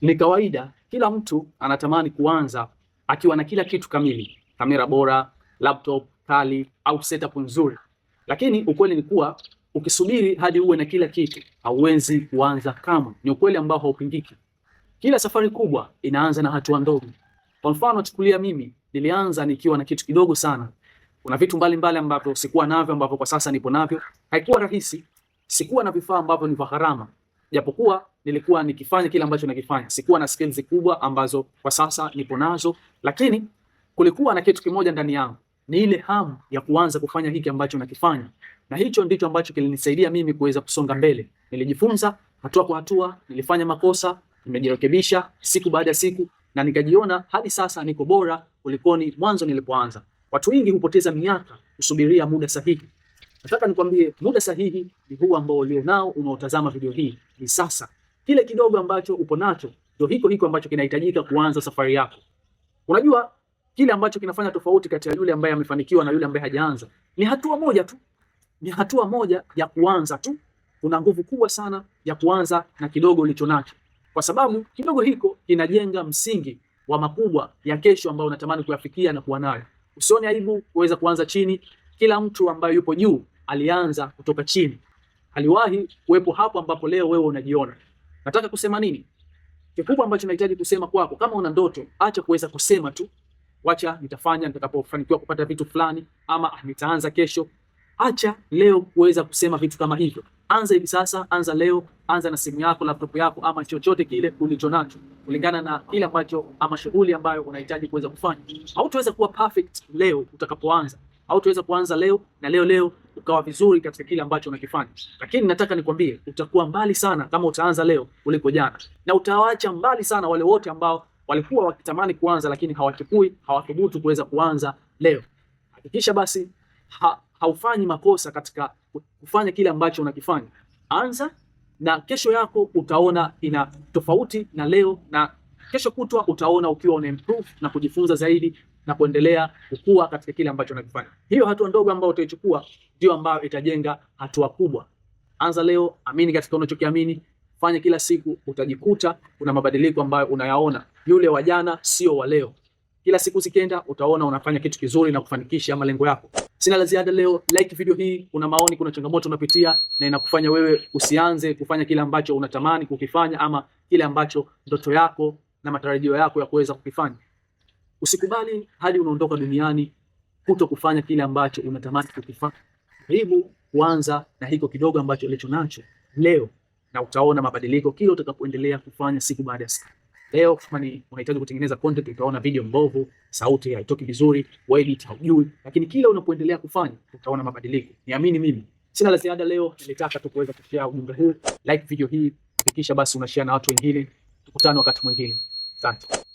Ni kawaida, kila mtu anatamani kuanza akiwa na kila kitu kamili: kamera bora, laptop kali au setup nzuri, lakini ukweli ni kuwa ukisubiri hadi uwe na kila kitu hauwezi kuanza kama. Ni ukweli ambao haupingiki. Kila safari kubwa inaanza na hatua ndogo. Kwa mfano, chukulia mimi, nilianza nikiwa na kitu kidogo sana. Kuna vitu mbalimbali ambavyo sikuwa navyo, ambavyo kwa sasa nipo navyo. Haikuwa rahisi, sikuwa na vifaa ambavyo ni vya gharama, japokuwa nilikuwa nikifanya kile ambacho nakifanya, sikuwa na skills kubwa ambazo kwa sasa nipo nazo, lakini kulikuwa na kitu kimoja ndani yangu, ni ile hamu ya kuanza kufanya hiki ambacho nakifanya, na hicho ndicho ambacho kilinisaidia mimi kuweza kusonga mbele. Nilijifunza hatua kwa hatua, nilifanya makosa, nimejirekebisha siku baada ya siku, na nikajiona hadi sasa niko bora kulikoni mwanzo nilipoanza. Watu wengi hupoteza miaka kusubiria muda sahihi Nataka nikwambie muda sahihi ni huu ambao ulio nao unaotazama video hii, ni sasa. Kile kidogo ambacho upo nacho ndio hiko hiko ambacho kinahitajika kuanza safari yako. Unajua kile ambacho kinafanya tofauti kati ya yule ambaye amefanikiwa na yule ambaye hajaanza ni hatua moja tu, ni hatua moja ya kuanza tu. Una nguvu kubwa sana ya kuanza na kidogo ulicho nacho, kwa sababu kidogo hiko kinajenga msingi wa makubwa ya kesho ambayo unatamani kuyafikia na kuwa nayo. Usione aibu kuweza kuanza chini. Kila mtu ambaye yupo juu alianza kutoka chini, aliwahi kuwepo hapo ambapo leo wewe unajiona. Nataka kusema nini? Kikubwa ambacho nahitaji kusema kwako, kama una ndoto, acha kuweza kusema tu, wacha nitafanya nitakapofanikiwa kupata vitu fulani, ama nitaanza kesho. Acha leo kuweza kusema vitu kama hivyo. Anza hivi sasa, anza leo, anza na simu yako, laptop yako, ama chochote kile ulicho nacho, kulingana na kile ambacho ama shughuli ambayo unahitaji kuweza kufanya. Hautaweza kuwa perfect leo utakapoanza, hautaweza kuanza leo na leo leo ukawa vizuri katika kile ambacho unakifanya, lakini nataka nikwambie, utakuwa mbali sana kama utaanza leo kuliko jana, na utawaacha mbali sana wale wote ambao walikuwa wakitamani kuanza lakini hawachukui, hawathubutu kuweza kuanza leo. Hakikisha basi ha, haufanyi makosa katika kufanya kile ambacho unakifanya. Anza na kesho yako utaona ina tofauti na leo, na kesho kutwa utaona ukiwa una improve na kujifunza zaidi na kuendelea kukua katika kile ambacho nakifanya. Hiyo hatua ndogo ambayo utaichukua ndio ambayo itajenga hatua kubwa. Anza leo, amini katika unachokiamini, fanya kila siku, utajikuta kuna mabadiliko ambayo unayaona. Yule wa jana sio wa leo. Kila siku zikienda, utaona unafanya kitu kizuri na kufanikisha malengo yako. Sina la ziada leo, like video hii. Kuna maoni, kuna changamoto unapitia na inakufanya wewe usianze kufanya kile ambacho unatamani kukifanya ama kile ambacho ndoto yako na matarajio yako ya kuweza kukifanya Usikubali hadi unaondoka duniani kuto kufanya kile ambacho unatamani kukifanya. Hebu kuanza na hiko kidogo ambacho ulicho nacho leo, na utaona mabadiliko kile utakapoendelea kufanya siku baada ya siku. Leo kama ni unahitaji kutengeneza content, utaona video mbovu, sauti haitoki vizuri, edit haujui, lakini kila unapoendelea kufanya utaona mabadiliko. Niamini mimi. Sina la ziada leo, nilitaka tu kuweza kushare ujumbe huu. Like video hii, hakikisha basi unashare na watu wengine. Tukutane wakati mwingine. Asante.